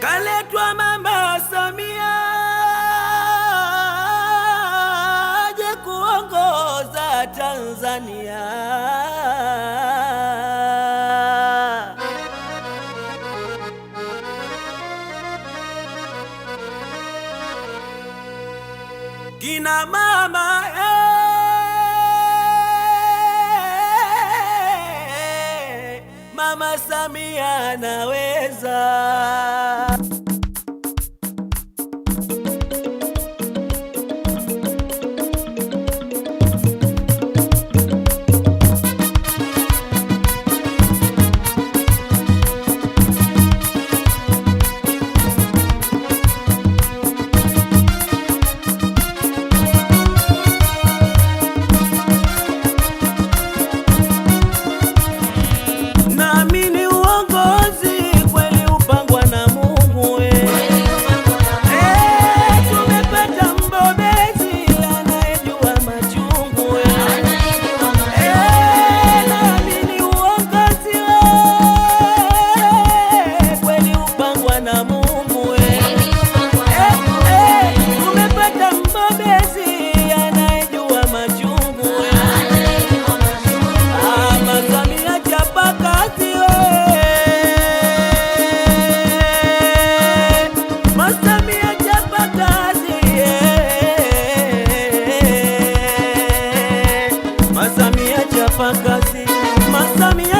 kaletwa Mama Samia aje kuongoza Tanzania. Kina mama eh, Mama Samia anaweza wafanyakazi masamia